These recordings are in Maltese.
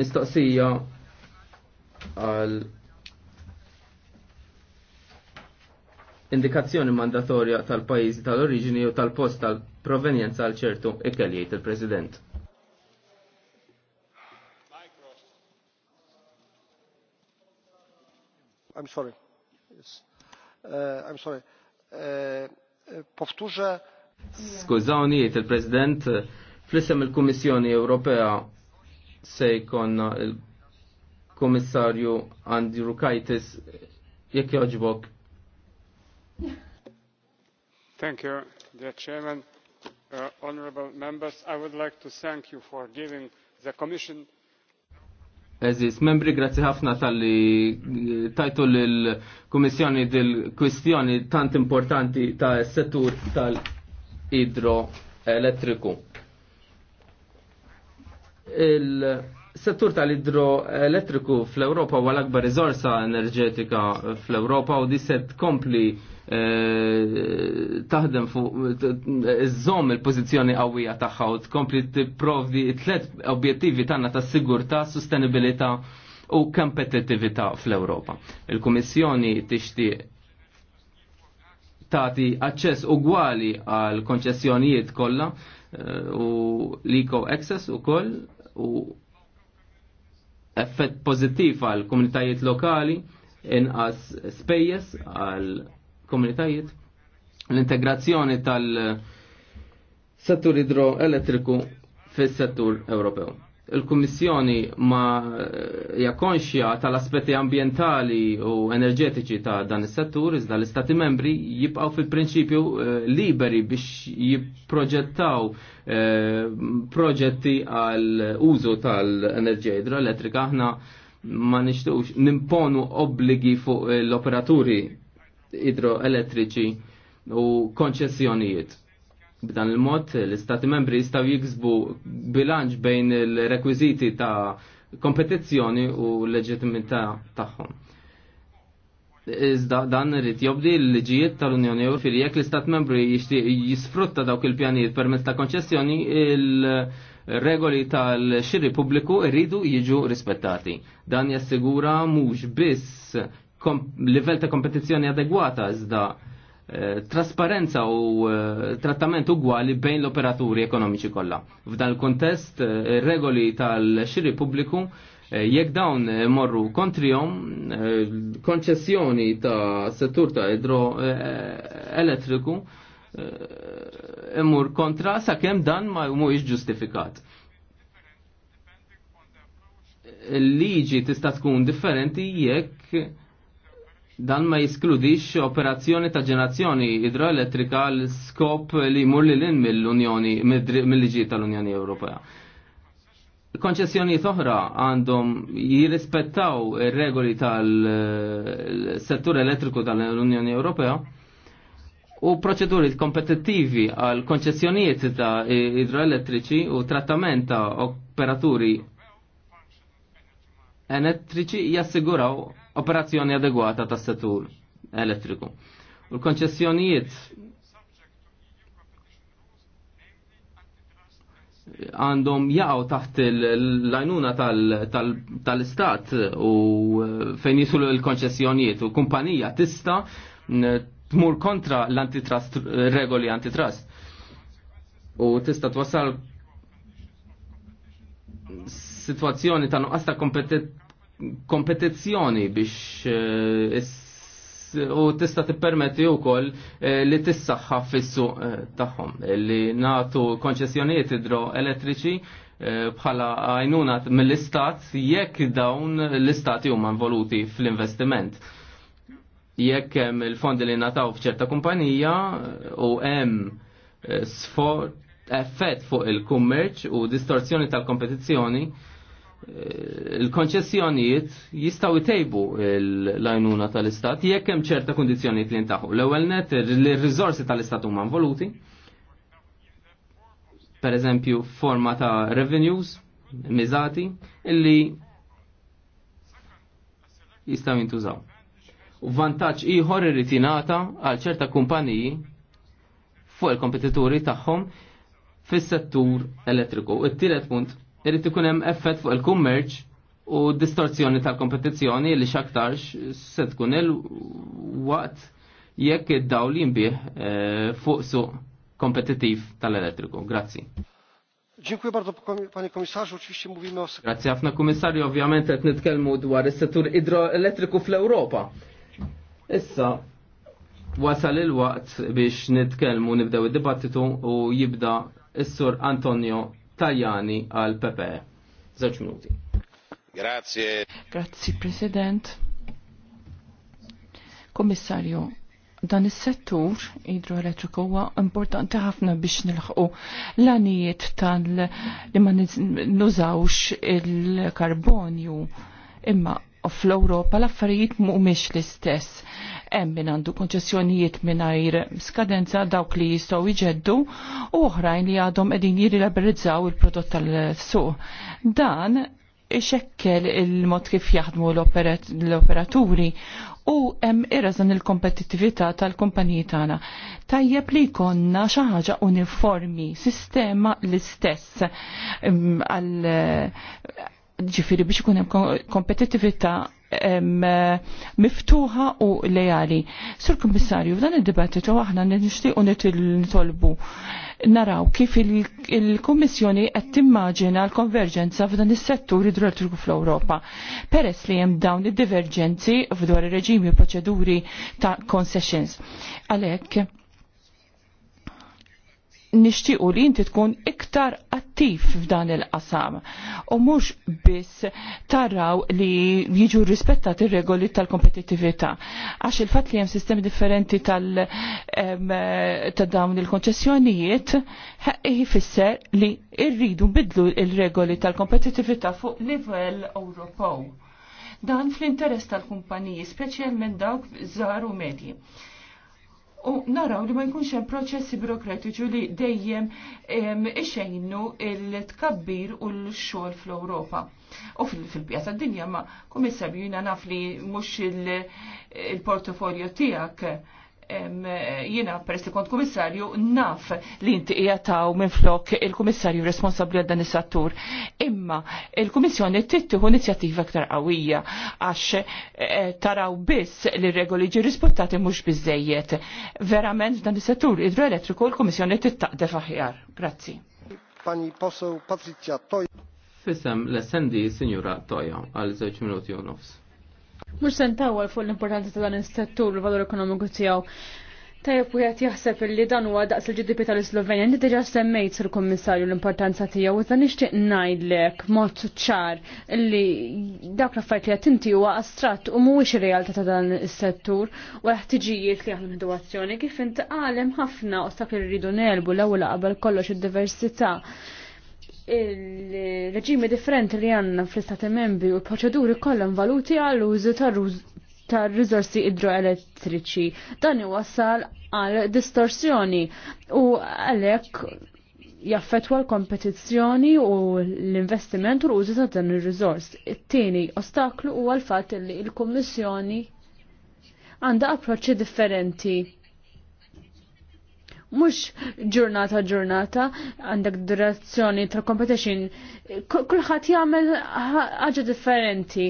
Mistoqsija għal indikazzjoni mandatorja tal-pajjiżi tal-oriġini u tal-post tal-provenjenza għal ċertu ikel il-President. I'm sorry. Yes. Uh, I'm sorry. Uh, Powtórzę. Skużawni, il-President, fl-isem il komissjoni Ewropea se jkonna il-komissarju Andi Kaitis jek joġbok. Thank you, dear Chairman. Uh, honorable members, I would like to thank you for giving the Commission Eżis, membri grazzi ħafna tal-li eh, tajtu l-Komissjoni dil-kwistjoni tant importanti ta' settur tal-idroelettriku. Il-settur tal-idroelettriku fl-Europa huwa l-akbar riżorsa enerġetika fl-Europa u diset kompli eh, taħdem fuq iżżomm il-pożizzjoni qawwija tagħha u tkompli tipprovdi t-tlet objettivi tagħna tas-sigurtà, sostenibilità u kompetittività fl-Ewropa. Il-Kummissjoni tixtieq tagħti aċċess ugwali għal konċessjonijiet kollha eh, u l-eco access ukoll u effett pozittiv għal komunitajiet lokali, inqas spejjes għal komunitajiet, l-integrazzjoni tal-settur idroelettriku fis-settur Ewropew il-Kummissjoni ma eh, jakonxja tal-aspetti ambientali u enerġetiċi ta' dan is-settur iżda l-Istati membri jibqaw fil-prinċipju eh, liberi biex jipproġettaw eh, proġetti għal użu tal-enerġija idroelettrika aħna ma nixtiqux nimponu obbligi fuq l-operaturi idroelettriċi u konċessjonijiet B'dan il-mod l-Istati membri jistaw jiksbu bilanċ bejn il-rekwiziti ta' kompetizzjoni u leġitimità tagħhom. Iżda dan irid jobdi l-liġijiet tal-Unjoni Ewropea jekk l-Istat membri jisfrutta dawk il-pjanijiet permezz ta' konċessjoni il-regoli tal-xiri pubbliku irridu jiġu rispettati. Dan jassigura mhux biss livell ta' kompetizzjoni adegwata iżda Eh, trasparenza u eh, trattament ugwali bejn l-operaturi ekonomiċi kollha. F'dan il-kontest eh, regoli tal-xiri pubbliku jekk dawn morru kontrihom konċessjoni ta' settur ta' idro elettriku imur kontra sakemm dan ma mhuwiex ġustifikat. Il-liġi tista' tkun differenti jekk Dan ma jiskludix operazzjoni ta' ġenerazzjoni idroelettrika l-skop li jmur li l-in mill-Unjoni, mill-liġi tal-Unjoni Ewropea. Konċessjoni oħra għandhom jirrispettaw ir-regoli tal-settur elettriku tal-Unjoni Ewropea u proċeduri kompetittivi għal konċessjonijiet ta' idroelettriċi u trattament ta' operaturi elettriċi jassiguraw operazzjoni adegwata tas settur elettriku. U l-konċessjonijiet għandhom jaqgħu taħt l-lajnuna tal-istat u eh, fejn jisulu l-konċessjonijiet u kumpanija tista tmur kontra l-antitrust regoli antitrust u tista twassal situazzjoni ta' nuqqas ta' kompetizzjoni biex eh, u tista tippermetti wkoll eh, li tissaħħa fis-suq eh, tagħhom li nagħtu konċessjonijiet idroelettriċi bħala għajnuna mill-istat jekk dawn l-istati huma involuti fl-investiment. Jekk hemm il-fondi li nataw f'ċerta kumpanija u hemm sfor effett fuq il-kummerċ u distorsjoni tal-kompetizzjoni, Eh, il-konċessjonijiet jistaw jtejbu l lajnuna tal-istat jekk hemm ċerta kundizzjonijiet li ntaħu. L-ewwel net ir riżorsi tal-istat huma involuti, per eżempju forma ta' revenues miżati illi jistaw jintużaw. U vantaġġ ieħor irid jingħata għal ċerta kumpaniji fuq il-kompetituri tagħhom fis-settur elettriku. It-tielet punt irrid ikun hemm effett fuq il-kummerċ u distorzjoni tal-kompetizzjoni li xaktarx se tkun il-waqt jekk id-daw li eh, fuq suq kompetittiv tal-elettriku. Grazzi. Dziękuję bardzo panie komisarzu. Oczywiście mówimy o Grazie afna komisarzu, ovvjament qed nitkellmu dwar is-settur idroelettriku fl-Ewropa. Issa wasal il-waqt biex nitkellmu nibdew id-dibattitu u jibda s sur Antonio Tajani għal Pepe. Zaċ minuti. Grazie. Grazzi President. Kommissarju, dan is-settur idroelettriku huwa importanti ħafna biex nilħqu l għanijiet tal li ma nużawx il-karbonju imma fl-Europa l-affarijiet mhumiex l-istess. Hemm min għandu konċessjonijiet mingħajr skadenza dawk li jistgħu jġeddu u oħrajn li għadhom qegħdin jirilaberizzaw il-prodott tal-suq. Dan ixekkel il-mod kif jaħdmu l-operaturi u hemm irrażan il-kompetittività tal-kumpaniji tagħna. Tajjeb li jkollna xi ħaġa uniformi, sistema l-istess mm, ġifiri biex ikun hemm kompetittività miftuħa u lejali. Sur Kummissarju, f'dan id-dibattitu aħna nixtiequ nitolbu naraw kif il-Kummissjoni qed timmaġina l-konverġenza f'dan is-settur idroelettriku fl-Ewropa. Peress li hemm dawn id divergenzi f'dwar ir-reġimi proċeduri ta' concessions. Għalhekk nixtiequ li inti tkun iktar attiv f'dan il-qasam u mhux biss taraw li jiġu rispettat ir-regoli tal-kompetittività għax il-fatt li hemm sistemi differenti tal- ta' dawn il-konċessjonijiet jifisser li rridu bidlu il-regoli tal-kompetittività fuq livell Ewropew dan fl-interess tal-kumpaniji, speċjalment dawk żgħar u medji u naraw li ma jkunx hemm proċessi burokratiċi li dejjem ixejnu il-tkabbir u l-xogħol fl-Ewropa. U fil-pjata d-dinja ma komissarju jina naf li mhux il-portofolio tiegħek jina peress li kont komissarju naf li inti jataw minn flok il-komissarju responsabli għal dan is-sattur. Imma il-komissjoni tittieħu inizjattiva aktar qawwija għax eh, taraw biss li regoli ġi rispettati mhux biżejjed. Verament dan is-settur idroelettriku l-komissjoni tittaqdef aħjar. Grazzi. Pani poseł Patricia Toja. Fisem l-essendi Signora Toja għal żewġ minuti u nofs. Mux sentawar fuq l-importanza ta' dan il-settur l-valur ekonomiku tijaw. Tajab u għet jaħseb li dan huwa daqs il-GDP tal-Slovenja, inti diġa semmejt il-Kommissarju l-importanza tiegħu u dan nixtieq ngħidlek mot ċar li dak l-affarijiet li qed inti huwa astratt u mhuwiex ir-realtà ta' dan is-settur u l-ħtiġijiet li aħna nieħdu kif inti għalem ħafna ostakli rridu nelbu l-ewwel qabel kollox id-diversità il-reġimi differenti li għanna fl-istati membri u l-proċeduri kollha valuti għall użu tar rizorsi idroelettriċi. Dan iwassal għal distorsjoni u għalhekk jaffetwa l-kompetizzjoni u l-investiment u l-użu ta' dan ir-riżors. It-tieni ostaklu huwa l-fatt li l-Kummissjoni għandha approċċi differenti mhux ġurnata ġurnata għandek durazzjoni ta' competition kulħadd jagħmel ħaġa differenti.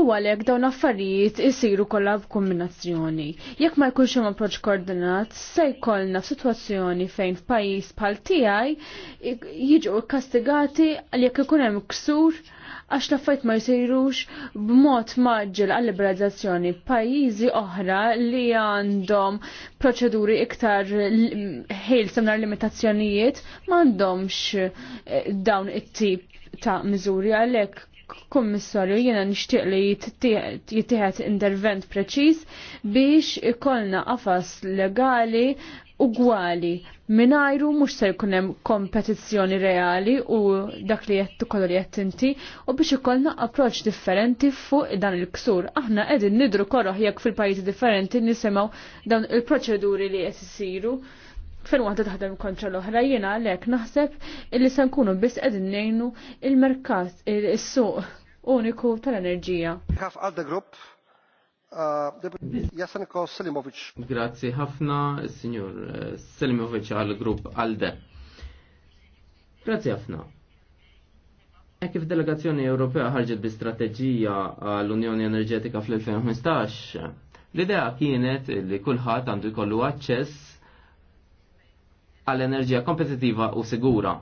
U għalek dawn affarijiet isiru kollha b'kombinazzjoni. Jekk ma jkunx hemm approċċ koordinat, se jkollna f'sitwazzjoni fejn f'pajjiż bħal tiegħi jiġu kkastigati għal jekk ikun hemm ksur għax l-affajt ma jsirux b'mod maġġel għall liberalizzazzjoni pajjiżi oħra li għandhom proċeduri iktar ħil semnar limitazzjonijiet m'għandhomx eh, dawn it-tip ta' miżuri għalhekk Kummissarju, jena nishtiq li jittieħed intervent preċis biex ikollna qafas legali ugwali minajru mux ser kunem kompetizzjoni reali u dak li jett kollu li jett inti u biex ikollna approċ differenti fuq dan il-ksur. Aħna edin nidru korroħ jekk fil-pajjiżi differenti nisemaw dawn il-proċeduri li jett isiru fejn waħda taħdem kontra l-oħra jiena għalhekk naħseb illi se nkunu biss qegħdin ngħinu il-merkat is-suq uniku tal-enerġija. għadda grupp uh, Selimovic. Grazzi ħafna, signor eh, Selimovic għal-grupp għalde. Grazzi ħafna. E kif delegazzjoni Ewropea ħarġet bi strateġija għall-Unjoni Enerġetika fl-2015, l-idea kienet li kulħadd għandu jkollu aċċess għall enerġija kompetitiva u sigura.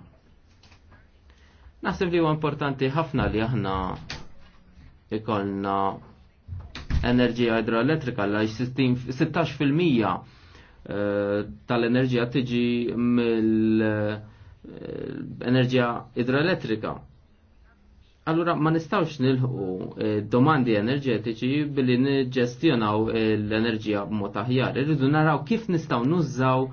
Naħseb li huwa importanti ħafna li aħna ikolna enerġija idroelettrika fil 16% eh, tal-enerġija tiġi mill-enerġija idroelettrika. Allura ma nistawx nilħu eh, domandi enerġetiċi billi nġestjonaw l-enerġija b'mod aħjar. Irridu naraw kif nistaw nużaw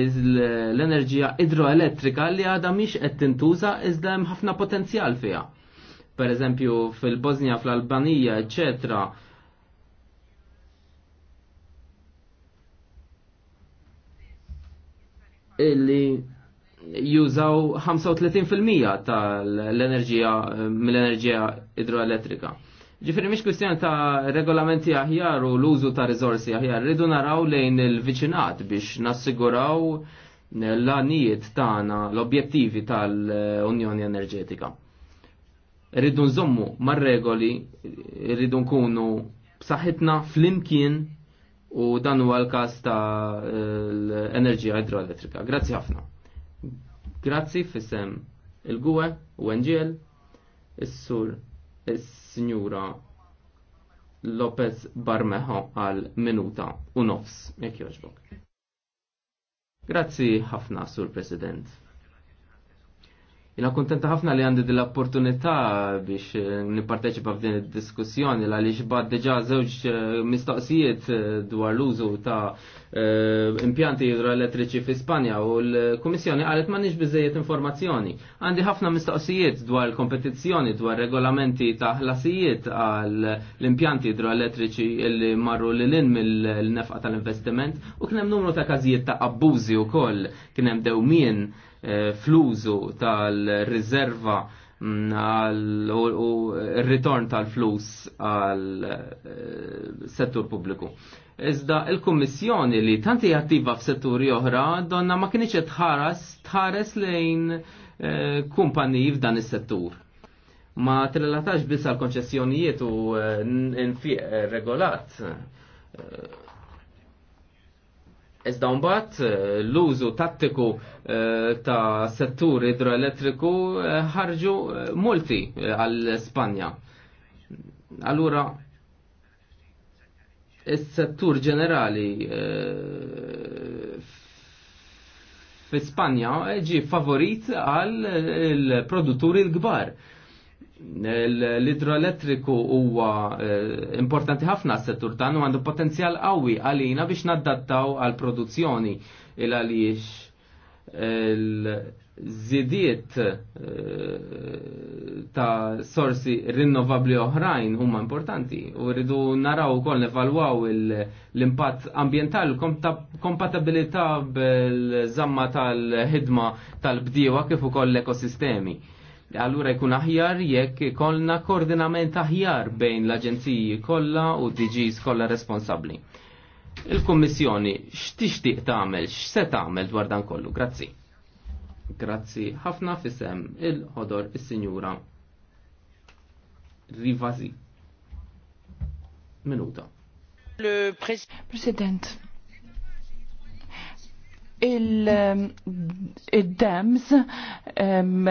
l-enerġija idroelettrika li għadha miex qed tintuża iżda hemm ħafna potenzjal fiha. Per eżempju fil-Bosnia, fl-Albanija, eċetera. Illi jużaw 35% tal-enerġija mill-enerġija idroelettrika. Ġifiri miex kustjan ta' regolamenti aħjar u l-użu ta' rizorsi aħjar, rridu naraw lejn il-viċinat biex nassiguraw l-anijiet tagħna l-objettivi tal-Unjoni Enerġetika. Rridu nżommu mar-regoli, rridu nkunu b'saħħitna fl-imkien u dan huwa l-każ ta' l-enerġija idroelettrika. Grazzi ħafna. Grazzi fissem il-Gwe u NGL, is-Sur is-Sinjura Lopez Barmeho għal minuta u nofs, jekk joġbok. Grazzi ħafna, Sur President. Jina kontenta ħafna li għandi dil-opportunità biex eh, nipparteċipa f'din id-diskussjoni l għaliex bad deġa żewġ eh, mistoqsijiet eh, dwar l-użu ta' Eh, impjanti idroelettriċi fi Spanja u l-Kummissjoni qalet m'għandix biżejjed informazzjoni. Għandi ħafna mistoqsijiet dwar kompetizzjoni dwar regolamenti ta' ħlasijiet għal l-impjanti idroelettriċi li marru l in mill-nefqa tal-investiment u kien hemm numru ta' każijiet ta' abbużi wkoll kien hemm dewmien eh, flużu tal rizerva mm, u r-ritorn tal-flus għal eh, settur pubbliku. Iżda il-Kummissjoni li tanti attiva f'setturi oħra donna ma kienx tħares tħares lejn eh, kumpaniji f'dan is-settur. Ma trilatax biss għal konċessjonijiet u eh, nfiq eh, regolat. Iżda mbagħad l-użu tattiku ta' settur idroelettriku ħarġu multi għall Spanja. Allura Is-settur ġenerali eh, fi Spanja ġi favorit għal eh, il-produtturi l-kbar. L-idroelettriku huwa eh, importanti ħafna s-settur tan u għandu potenzjal qawwi għalina biex naddattaw għal produzzjoni il għaliex zidiet eh, ta' sorsi rinnovabli oħrajn huma importanti u rridu naraw ukoll nevalwaw l-impatt ambiental kompatibilità bil-żamma tal-ħidma tal-bdiewa kif ukoll l-ekosistemi. Allura jkun aħjar jekk kollna koordinament aħjar bejn l-aġenziji kollha u DGs kollha responsabbli. Il-Kummissjoni x'tixtieq tagħmel, x'se tagħmel dwar dan kollu? Grazzi. Grazzi ħafna fisem il-ħodor is-Sinjura Rivazi. Minuta. President, il-dems um, um,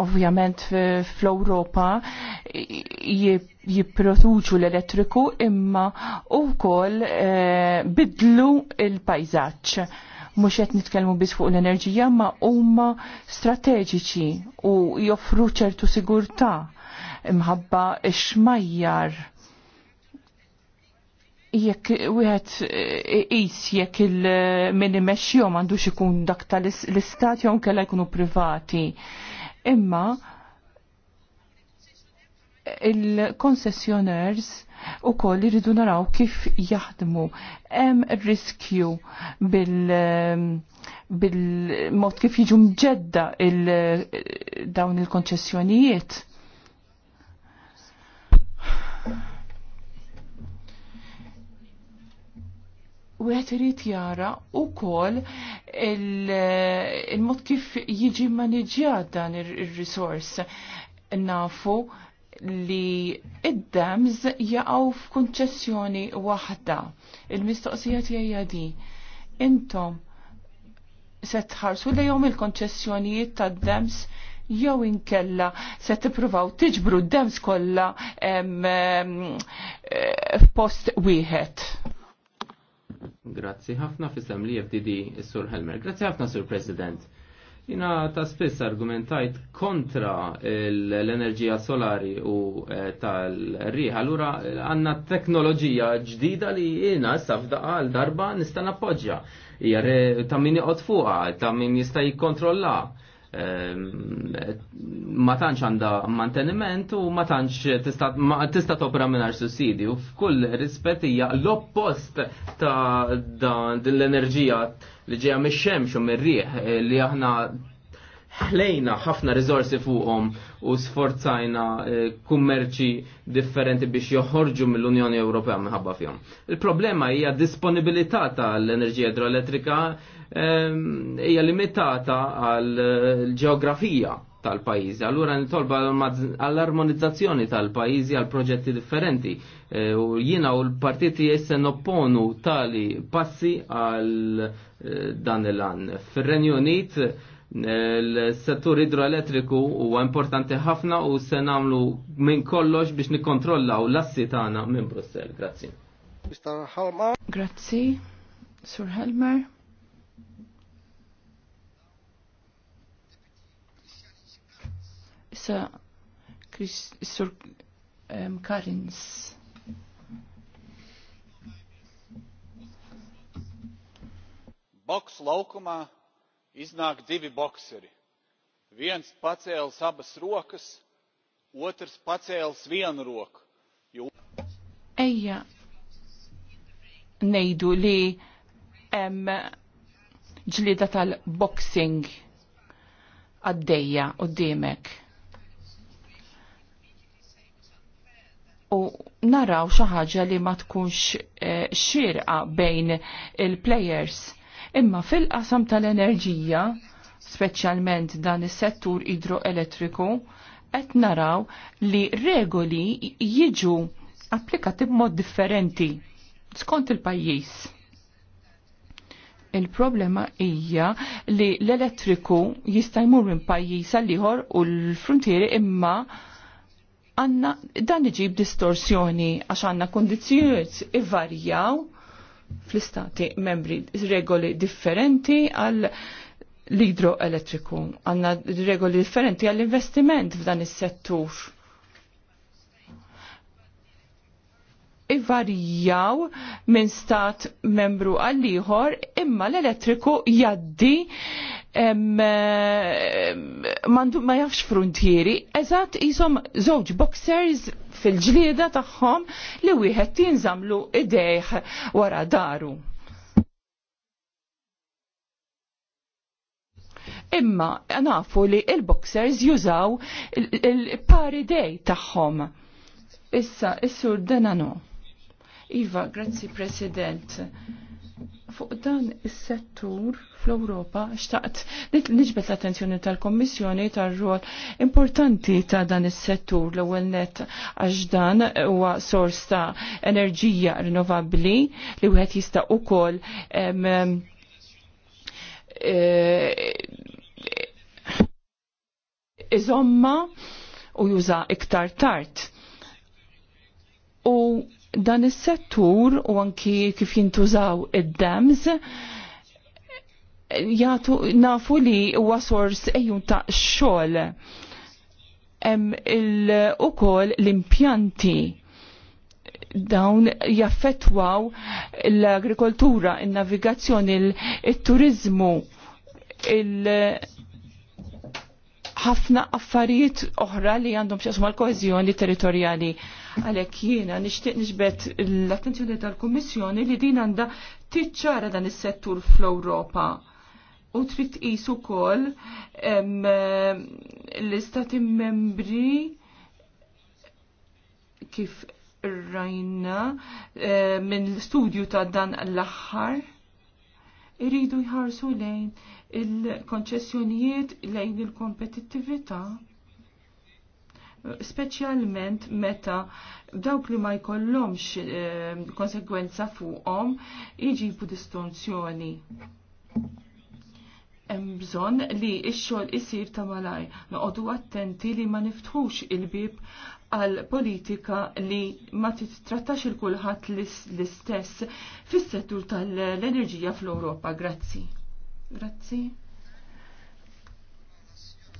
ovvjament fl-Europa jipproduċu l-elettriku imma u kol e, eh, bidlu il-pajzaċ mhux qed nitkellmu biss fuq l-enerġija ma huma strateġiċi u joffru ċertu sigurtà imħabba xmajjar jekk wieħed qis jekk il-min imexxihom għandux ikun dak tal-istat jew kellha jkunu privati. Imma il-konsessjoners u koll jridu naraw kif jaħdmu. Hemm riskju bil-mod kif jiġu mġedda il, dawn il-konċessjonijiet. u għet rrit jara u kol il-mod kif jiġi maniġjat dan il-risors. Il Nafu li id-dams jaqgħu f'kunċessjoni waħda. Il-mistoqsija tiegħi di. Intom se tħarsu jom il-konċessjonijiet tad-dams jew inkella se tippruvaw tiġbru d-dems kollha f'post wieħed. Grazzi ħafna fisem li FDD is-Sur Helmer. Grazzi ħafna Sur President. Jina ta' spiss argumentajt kontra l-enerġija solari u eh, tal-riħ. Allura għanna teknoloġija ġdida li jina safda għal darba nista' nappoġġja. Hija ta' min joqgħod fuqha, ta' min jista' jikkontrolla. Ehm, ma tantx għandha manteniment u ma tantx tista' topra mingħajr sussidi u f'kull rispett hija l-oppost ta' din l-enerġija li ġejja mix-xemx u mir-rieħ eh, li aħna ħlejna ħafna rizorsi fuqhom u sforzajna eh, kummerċi differenti biex joħorġu mill-Unjoni Ewropea minħabba fihom. Il-problema hija disponibilità tal-enerġija idroelettrika ehm, hija limitata għal ġeografija tal-pajizi. Allura nitolba għall-armonizzazzjoni tal-pajizi għal proġetti differenti. Eh, u jina u l-partiti jessen opponu tali passi għal eh, dan il għan fir renju Unit l-settur idroelettriku huwa importanti ħafna u se nagħmlu minn kollox biex nikkontrollaw l-assi tagħna minn Brussel. Grazzi. Grazzi, Sur Helmer. Issa Sur um, Karins. Boks laukumā iznāk divi bokseri viens pacēls abas rokas otrs pacēls vienu roku. Jo... Eja, neidu li em, ġlida tal-boxing għaddeja u d-dimek. U naraw xaħġa li ma tkunx eh, xirqa bejn il-players Imma fil-qasam tal-enerġija, speċjalment dan is-settur idroelettriku, qed naraw li regoli jiġu applikati b'mod differenti skont il-pajjiż. Il-problema hija li l-elettriku jista' jmur minn pajjiż għal ieħor u l-frontieri imma għanna dan iġib distorsjoni għax għanna kondizjoniet ivarjaw fl-istati membri regoli differenti għal l-idroelettriku. Għanna regoli differenti għall-investiment f'dan is-settur. ivarjaw minn stat membru għall-ieħor imma l-elettriku jaddi ma jafx frontieri eżatt jisom żewġ boxers fil-ġlieda tagħhom li wieħed jinżamlu idejh wara daru. Imma nafu li il-boxers jużaw il-pari dej tagħhom. Issa, is-sur no. Iva, grazzi President. Fuq dan is-settur fl-Ewropa xtaqt niġbet l-attenzjoni tal-Kommissjoni tar-rol importanti ta' dan is-settur l-ewwel net għax dan huwa sors ta' enerġija rinnovabbli li wieħed jista' ukoll eh, iżomma u juża iktar tard. U Dan is-settur u anki kif jintużaw id-dams jgħatu nafu li huwa sors ejjun ta' xogħol hemm ukoll l-impjanti dawn jaffetwaw l-agrikoltura, il-navigazzjoni, il-turizmu, il-, -il ħafna affarijiet oħra li għandhom x'asma l koezjoni territorjali. Għalhekk jiena nixtieq nixbet l-attenzjoni tal-Kummissjoni li din għandha tiċċara dan is-settur fl-Ewropa u trid tqis ukoll l-istati membri kif rajna minn studju ta' dan l-aħħar iridu jħarsu lejn il-konċessjonijiet lejn il-kompetittività specialment meta dawk li ma jkollhomx eh, konsegwenza konsekwenza fuqhom iġibu distonzjoni. Hemm bżonn li x-xogħol isir ta' malaj, noqogħdu attenti li ma niftħux il-bib għal politika li ma titrattax il kulħadd l-istess fis-settur tal-enerġija fl-Ewropa. Grazzi. Grazzi.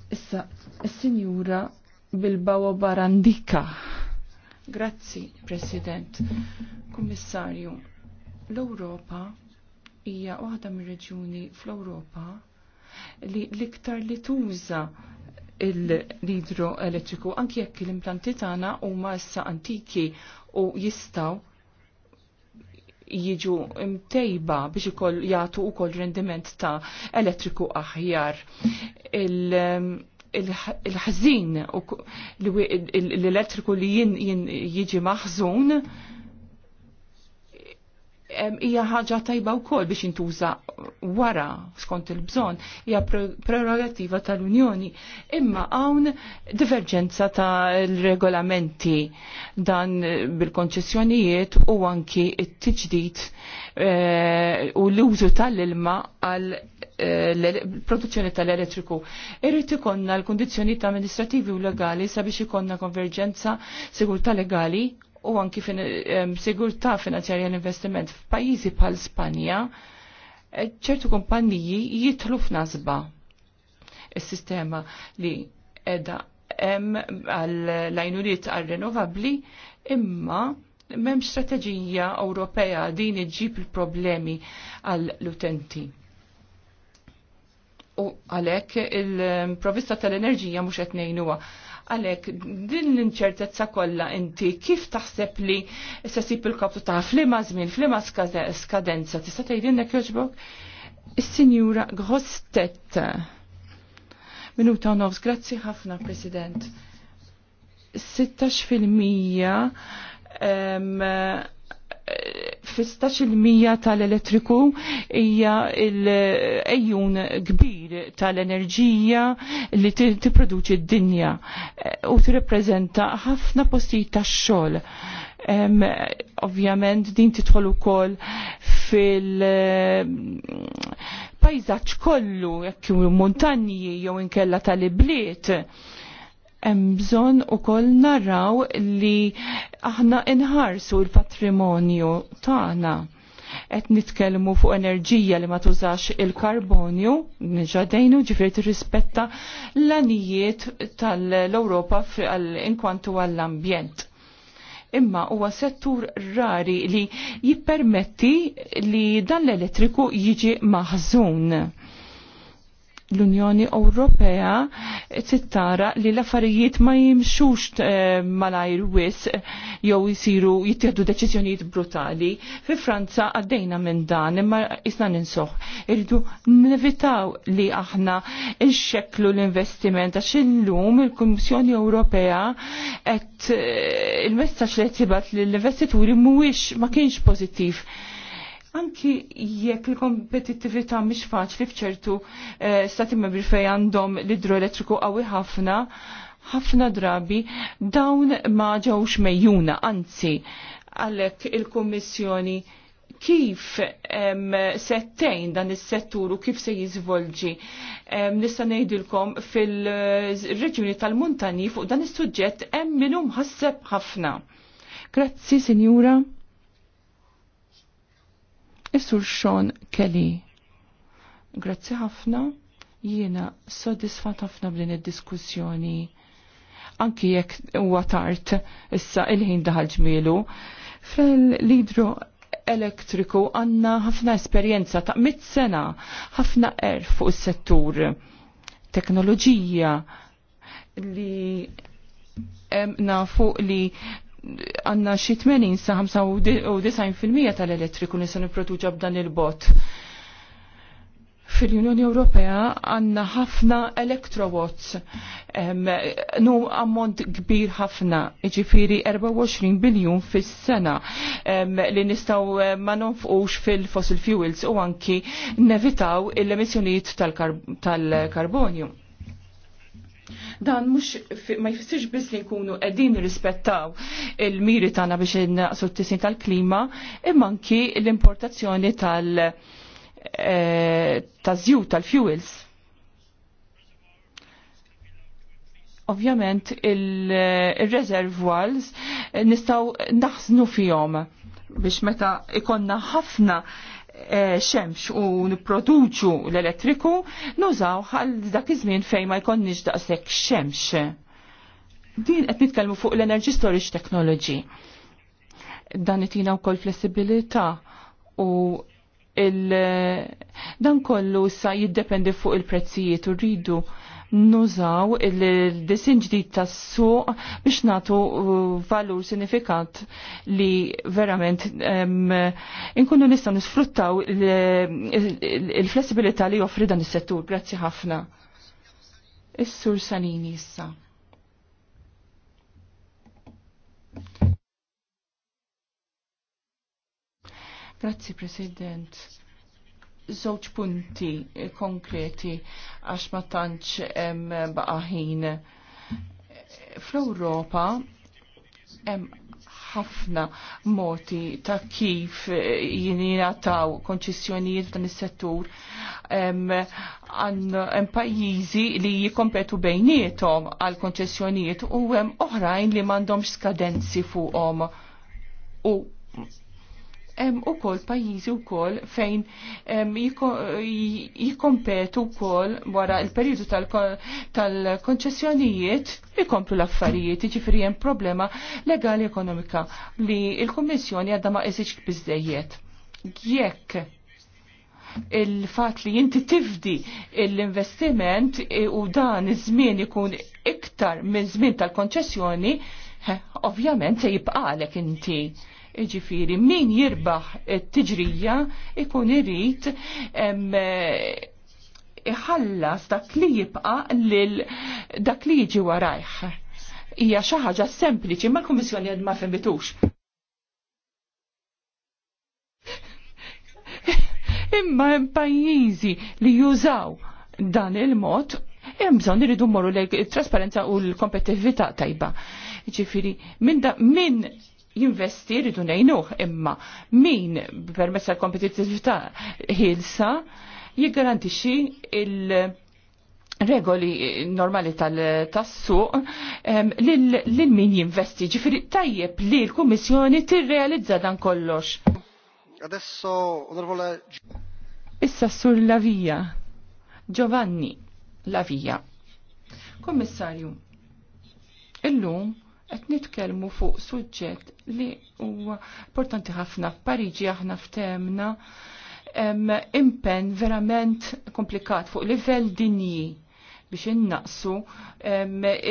Issa, signora sinjura Bilbao Barandika. Grazzi, President. Kommissarju, l-Europa hija waħda mir-reġjuni fl-Europa li l-iktar li tuża l elettriku, anki jekk l-implanti tagħna huma issa antiki u jistgħu jiġu imtejba biex ikoll jagħtu ukoll rendiment ta' elettriku aħjar. Il-ħażin il, um, il l-elettriku li jien jiġi maħżun hija ħaġa tajba wkoll biex intuża wara skont il-bżonn hija prerogativa tal-Unjoni. Imma hawn divergenza tal-regolamenti dan bil-konċessjonijiet u anki t-tiġdid eh, u l-użu tal-ilma għal eh, produzzjoni tal-elettriku. Irrid ikonna l-kundizzjoni amministrativi u legali sabiex ikonna konverġenza sigurta legali u anki fin, sigurta finanzjarja l-investiment f'pajjiżi bħal Spanja, e, ċertu kumpanniji jitlu f'nasba il sistema li edha hemm għall-lajnuriet għal-renovabli imma m'hemm strateġija Ewropea din iġġib il-problemi għall-utenti u għalek il-provista tal-enerġija qed ngħinuha. Għalek, din l-inċertezza kollha inti kif taħseb li se sib il koptu ta' flima żmien, flima skadenza, tista' tgħidilna jogħġbok? Is-Sinjura Gostet. Minuta nofs, grazzi ħafna, President. 16 fil-mija 15% tal-elettriku hija l-ejjun kbir tal-enerġija li tipproduċi d-dinja eh, u tirrepreżenta ħafna postijiet tax-xogħol. Ovvjament din titħol ukoll fil eh, pajzaġġ kollu, jekk montanji jew inkella tal-ibliet hemm bżonn ukoll naraw li aħna inħarsu l-patrimonju tagħna qed nitkellmu fuq enerġija li ma tużax il-karbonju, niġadejnu ġifieri tirrispetta l-anijiet tal-Ewropa inkwantu għall-ambjent. Imma huwa settur rari li jippermetti li dan l-elettriku jiġi maħżun l-Unjoni Ewropea tittara li l-affarijiet ma jimxux eh, malajr wis jew jisiru jittieħdu deċiżjonijiet brutali. Fi Franza għaddejna minn dan imma isna ninsoħ. Irridu nevitaw li aħna nxekklu l-investiment għax illum il-Kummissjoni Ewropea qed eh, il-messaġġ li qed l-investituri mhuwiex ma kienx pożittiv Anki jekk il-kompetittività mhix faċli f'ċertu eh, stati membri fejn għandhom l-idroelettriku qawwi ħafna, ħafna drabi dawn ma ġewx mejjuna, anzi għalhekk il-Kummissjoni kif em, settejn dan is-settur u kif se jiżvolġi. Nista' ngħidilkom fil-reġjuni tal-Muntani fuq dan is-suġġett hemm minhom ħasseb ħafna. Grazzi, Sinjura. Is-sur Sean Kelly. Grazzi ħafna, jiena sodisfat ħafna b'din id-diskussjoni. Anki jekk huwa tard issa il-ħin daħal ġmielu. Fil-lidru elektriku għanna ħafna esperjenza ta' mit sena, ħafna erf fuq is-settur, teknoloġija li fuq li għanna xi 80 sa 95% tal-elettriku nisa nipproduċa b'dan il-bot. Fil-Unjoni Ewropea għanna ħafna electrowatts, nu ammont kbir ħafna, ġifiri 24 biljun fis-sena li nistaw eh, ma nonfqux fil-fossil fuels u anki nevitaw il emissjonijiet tal-karbonju. Tal Dan mux ma jfissirx biss li nkunu qegħdin rispettaw il-miri tagħna biex innaqsu t-tisin tal-klima, imma anki l-importazzjoni tal- eh, taż tal-fuels. Ovvjament il-reservoirs nistaw naħsnu fihom biex meta ikonna ħafna E, xemx u niproduċu l-elettriku, nużaw għal dak iż-żmien fejn ma jkollniex daqshekk xemx. Din qed nitkellmu fuq l-energy storage technology. Dan itina wkoll flessibilità u il dan kollu sa jiddependi fuq il-prezzijiet u rridu nużaw il-disin ġdid tas-suq biex natu uh, valur sinifikat li verament inkunu nistgħu nisfruttaw il-flessibilità li joffri dan is-settur. Grazzi ħafna. Is-sur Sanini issa. Grazzi President żewġ punti konkreti għax ma tantx hemm Fl-Ewropa hemm ħafna moti ta' kif jingħataw konċessjonijiet f'dan is-settur hemm pajjiżi li jikompetu bejnietom għal konċessjonijiet u hemm oħrajn li m'għandhomx skadenzi fuqhom u hemm ukoll pajjiżi wkoll fejn jikkompetu wkoll wara l-perjodu tal-konċessjonijiet tal l-affarijiet, jiġifieri hemm problema legali ekonomika li l-Kummissjoni għadha ma eżiġ biżdejjed. Jekk il-fat li jinti tifdi l-investiment u dan iż-żmien ikun iktar minn żmien tal-konċessjoni, ovvjament se jibqalek inti Iġifiri, min jirbaħ t-tiġrija ikun irrit iħallas dak li jibqa lil dak li jiġi warajħ. Hija xi ħaġa sempliċi ma l-Kummissjoni għad ma fembitux. Imma hemm pajjiżi li jużaw dan il-mod hemm bżonn iridu morru l trasparenza u l-kompetittività tajba. Ġifieri, minn jinvesti rridu ngħinuh imma min permezz tal-kompetittività ħilsa jiggarantixxi il- regoli normali tal-tassuq lil min jinvesti ġifiri tajjeb li l-Kummissjoni tirrealizza dan kollox. Adesso, onorevole... Issa sur Lavija, Giovanni Lavija. Kommissarju, illum qed nitkellmu fuq suġġett li huwa importanti ħafna f'Pariġi aħna ftemna impenn verament komplikat fuq livell dinji biex innaqsu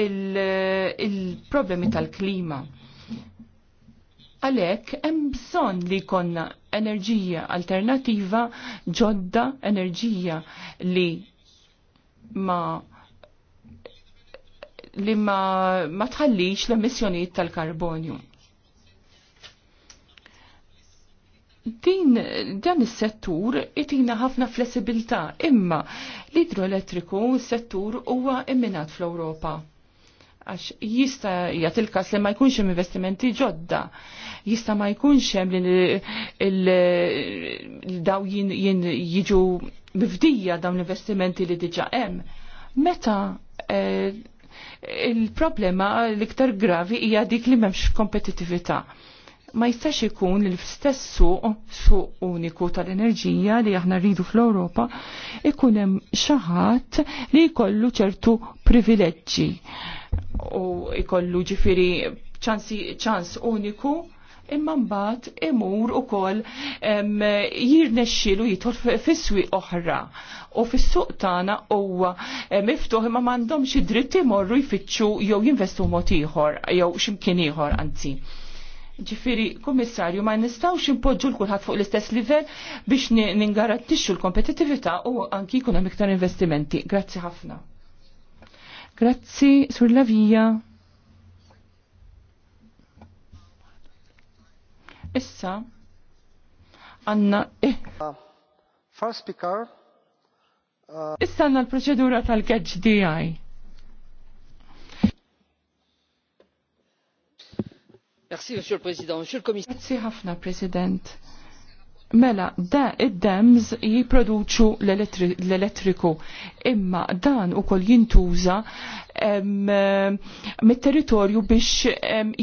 il-problemi il problemi tal klima Għalek, hemm bżonn li konna enerġija alternativa ġodda, enerġija li ma' li ma, ma tħallix l-emissjonijiet tal-karbonju. Din dan is-settur itina ħafna flessibilità imma l-idroelettriku settur huwa imminat fl-Ewropa. Għax jista jgħat il li ma jkunx hemm investimenti ġodda, jista ma jkunx hemm li daw jiġu mifdija dawn l-investimenti li diġa hemm. Meta eh, Il-problema l-iktar gravi hija dik li m'hemmx kompetitività. Ma jistax ikun li l-istess suq, suq uniku tal-enerġija li aħna rridu fl-Ewropa, ikun hemm xi ħadd li jkollu ċertu privileġġi u jkollu ġifieri ċans uniku imma mbagħad imur ukoll jirnexxielu jidħol fis oħra. U fis-suq tagħna huwa eh, miftuħ imma m'għandhomx id-dritt imorru jfittxu jew jinvestu mod ieħor jew x'imkien ieħor anzi. Ġifiri, kummissarju, ma nistawx impoġġu l-kulħadd fuq l-istess livell biex ningarantixxu l-kompetittività u anki jkun hemm iktar investimenti. Grazzi ħafna. Grazzi, Sur via. Issa, għanna eh. First speaker. Uh, Issa għanna l-proċedura tal gedge DI. Merci, Monsieur le Président. Monsieur le Commissaire. Grazie ħafna, President. Mela, da id-dems jiproduċu l-elettriku, imma dan u kol jintuża mit-territorju biex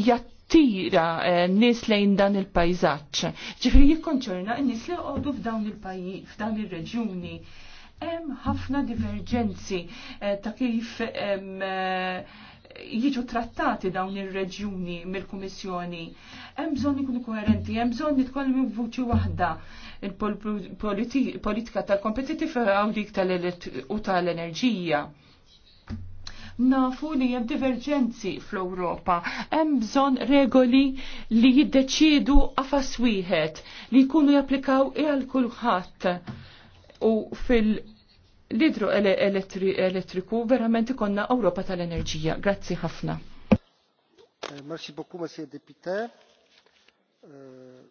jattu tira eh, nis lejn dan il-pajzaċ. Ġifri jikkonċerna n-nis li għodu f'dawn il-pajjiż, f'dawn il-reġjuni. Hemm ħafna divergenzi eh, ta' kif eh, jiġu trattati dawn ir-reġjuni mill-Kummissjoni. Hemm bżonn ikunu koherenti, hemm bżonn nitkollmu b'vuċi waħda il-politika tal-kompetitiv u dik tal-enerġija nafu li hemm diverġenzi fl-Ewropa. Hemm bżonn regoli li jiddeċiedu qafas wieħed li jkunu japplikaw għal kulħadd. U fil l elettriku verament ikonna Ewropa tal-enerġija. Grazzi ħafna. Eh, merci beaucoup, Monsieur Deputé. Eh,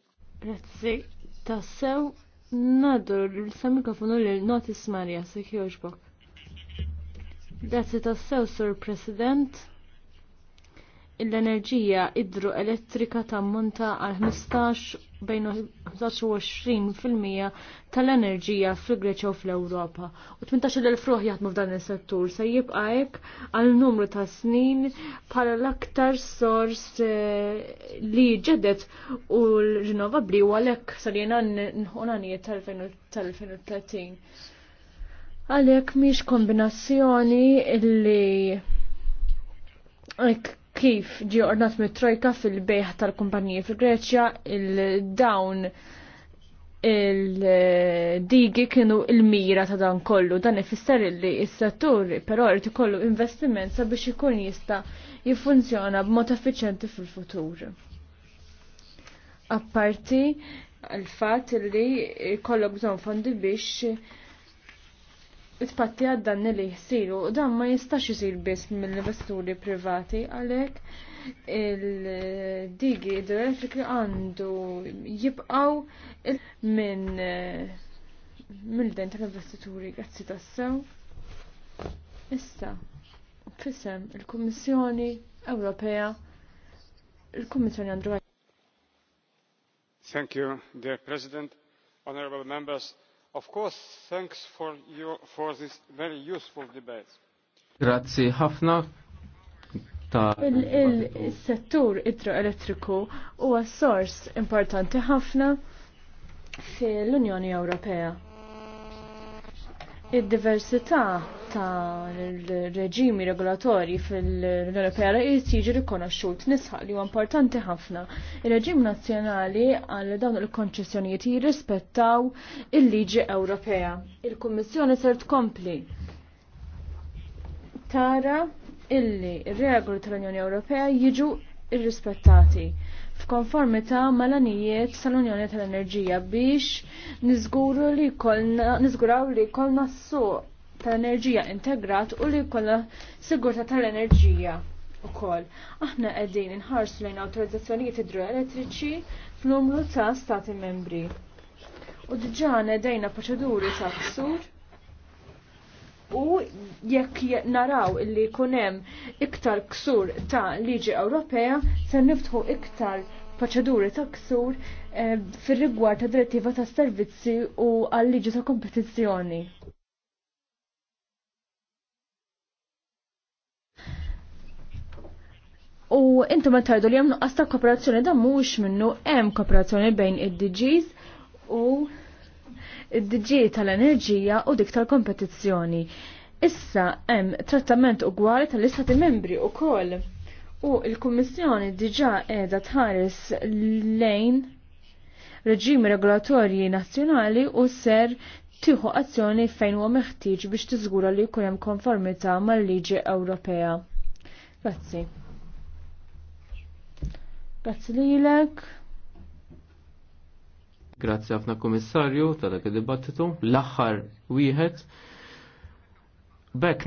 Grazzi. Tassew, nadur il-samikafonu l-notis Marja, sekjoġbok. Grazzi tassew, Sur President. L-enerġija idroelettrika ta' tammonta għal 15 bejn 25% tal-enerġija fil-Greċja u fl-Ewropa. U 18,000 fruħ jaħdmu f'dan is-settur se jibqa' hekk għal numru ta' snin bħala l-aktar sors li ġedet u l-rinnovabbli u għalhekk sar jiena nħonanijiet tal-2030. Għalek miex kombinazzjoni illi kif ġi ordnat mit-trojka fil-bejħ tal-kumpaniji fil-Greċja, il-dawn il-digi kienu il-mira ta' dan kollu. Dan ifisser li s-settur però irid ikollu investiment sabiex ikun jista' jiffunzjona b'mod effiċjenti fil-futur. Apparti għal-fatt li kollok bżonn fondi biex it-patti għaddanni li jisiru, dan ma jistax jisir biss mill-investuri privati, għalek il-digi idroelettriki għandu jibqaw minn eh, mill-den tal-investituri għazzi tassew. Issa, fissem il-Kommissjoni Ewropea, il-Kommissjoni Andrua. Thank you, dear President, honorable members. Of course, thanks for, your, for this very useful debate. ħafna il-settur il idroelettriku huwa sors importanti ħafna fil-Unjoni Ewropea. Id-diversità ta' reġimi regolatori fil-Unjoni Ewropea raqis jiġi rikonoxxut nisħaq li huwa importanti ħafna. Ir-reġim nazzjonali għal dawn il-konċessjonijiet jirrispettaw il-liġi Ewropea. Il-Kummissjoni ser tkompli tara illi ir-regoli tal-Unjoni Ewropea jiġu irrispettati f'konformità mal-anijiet tal-Unjoni tal-Enerġija biex niżguru li kolna, li s-suq tal-enerġija integrat u li kolna sigurta tal-enerġija u kol. Aħna qegħdin inħarsu lejn awtorizzazzjonijiet idroelettriċi fl ta' stati membri. U diġà dejna proċeduri ta' s-sur u jekk naraw li kunem iktar ksur ta' liġi Ewropea se niftħu iktar proċeduri ta' ksur eh, fir-rigward ta' direttiva ta' servizzi u għal-liġi ta' kompetizzjoni. U intom tardu li hemm għasta ta' kooperazzjoni da mux minnu hemm kooperazzjoni bejn id-DGs u id-DG tal-enerġija u dik tal-kompetizzjoni. Issa hemm trattament ugwali tal-istati membri koll. U il-Kummissjoni diġà qiegħda tħares lejn reġimi regolatorji nazzjonali u ser tieħu azzjoni fejn huwa meħtieġ biex tiżgura li jkun hemm konformità mal-liġi Ewropea. Grazzi. Grazzi lilek. Grazzi ħafna komissarju tal-dak dibattitu. L-aħħar wieħed. Bek,